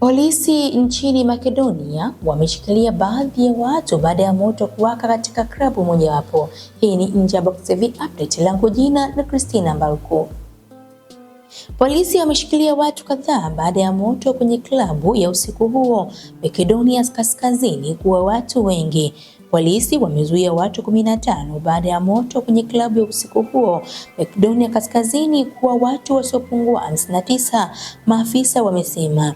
Polisi nchini Makedonia wameshikilia baadhi ya watu baada ya moto kuwaka katika klabu mojawapo. Hii ni Nje ya Box TV update, langu jina na Christina Mbalku. Polisi wameshikilia watu kadhaa baada ya moto kwenye klabu ya usiku huo Makedonia Kaskazini kuwa watu wengi. Polisi wamezuia watu 15 baada ya moto kwenye klabu ya usiku huo Makedonia Kaskazini kuwa watu wasiopungua 59, maafisa wamesema.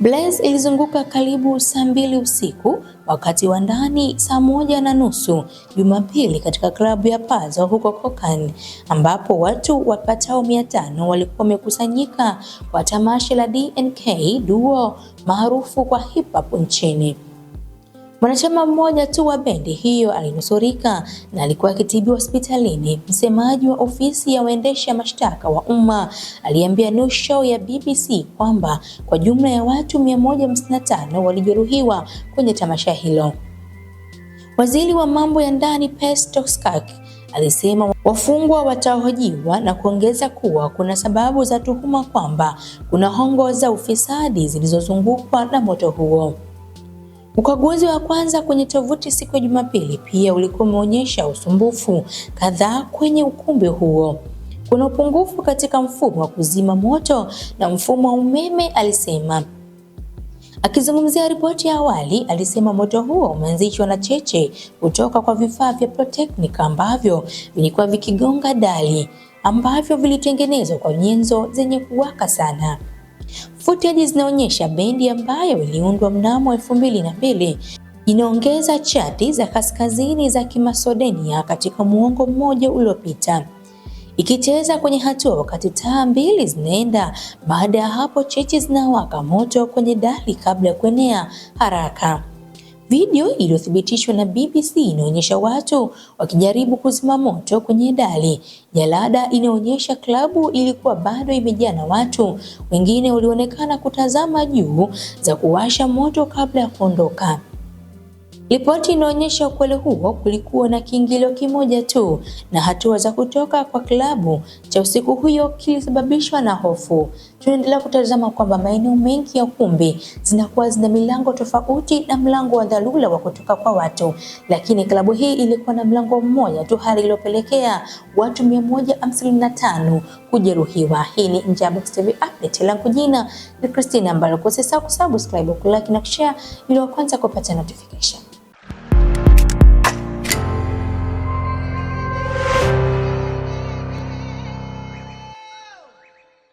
Blaze ilizunguka karibu saa mbili usiku, wakati wa ndani saa moja na nusu Jumapili katika klabu ya Pazo huko Kokan, ambapo watu wapatao mia tano walikuwa wamekusanyika kwa tamasha la DNK Duo maarufu kwa hip hop nchini. Mwanachama mmoja tu wa bendi hiyo alinusurika na alikuwa akitibiwa hospitalini. Msemaji wa ofisi ya waendesha mashtaka wa umma aliambia New Show ya BBC kwamba kwa jumla ya watu 155 walijeruhiwa kwenye tamasha hilo. Waziri wa mambo ya ndani Piers alisema wafungwa watahojiwa na kuongeza kuwa kuna sababu za tuhuma kwamba kuna hongo za ufisadi zilizozungukwa na moto huo. Ukaguzi wa kwanza kwenye tovuti siku ya Jumapili pia ulikuwa umeonyesha usumbufu kadhaa kwenye ukumbi huo. Kuna upungufu katika mfumo wa kuzima moto na mfumo wa umeme, alisema. Akizungumzia ripoti ya awali, alisema moto huo umeanzishwa na cheche kutoka kwa vifaa vya pirotechnika ambavyo vilikuwa vikigonga dali, ambavyo vilitengenezwa kwa nyenzo zenye kuwaka sana. Futeji zinaonyesha bendi ambayo iliundwa mnamo elfu mbili na mbili inaongeza chati za kaskazini za kimasedonia katika muongo mmoja uliopita, ikicheza kwenye hatua wakati taa mbili zinaenda. Baada ya hapo, chechi zinawaka moto kwenye dali kabla ya kuenea haraka. Video iliyothibitishwa na BBC inaonyesha watu wakijaribu kuzima moto kwenye dali. Jalada inaonyesha klabu ilikuwa bado imejaa na watu wengine walionekana kutazama juu za kuwasha moto kabla ya kuondoka. Ripoti inaonyesha ukweli huo, kulikuwa na kiingilio kimoja tu na hatua za kutoka kwa klabu cha usiku huyo kilisababishwa na hofu tunaendelea kutazama kwamba maeneo mengi ya kumbi zinakuwa zina milango tofauti na mlango wa dharura wa kutoka kwa watu, lakini klabu hii ilikuwa na mlango mmoja tu, hali iliyopelekea watu 155 kujeruhiwa. Hii ni Nje ya Box TV update, langu jina ni Christina Mbalo. Usisahau kusubscribe, kulike na kushare ili wa kwanza kupata notification.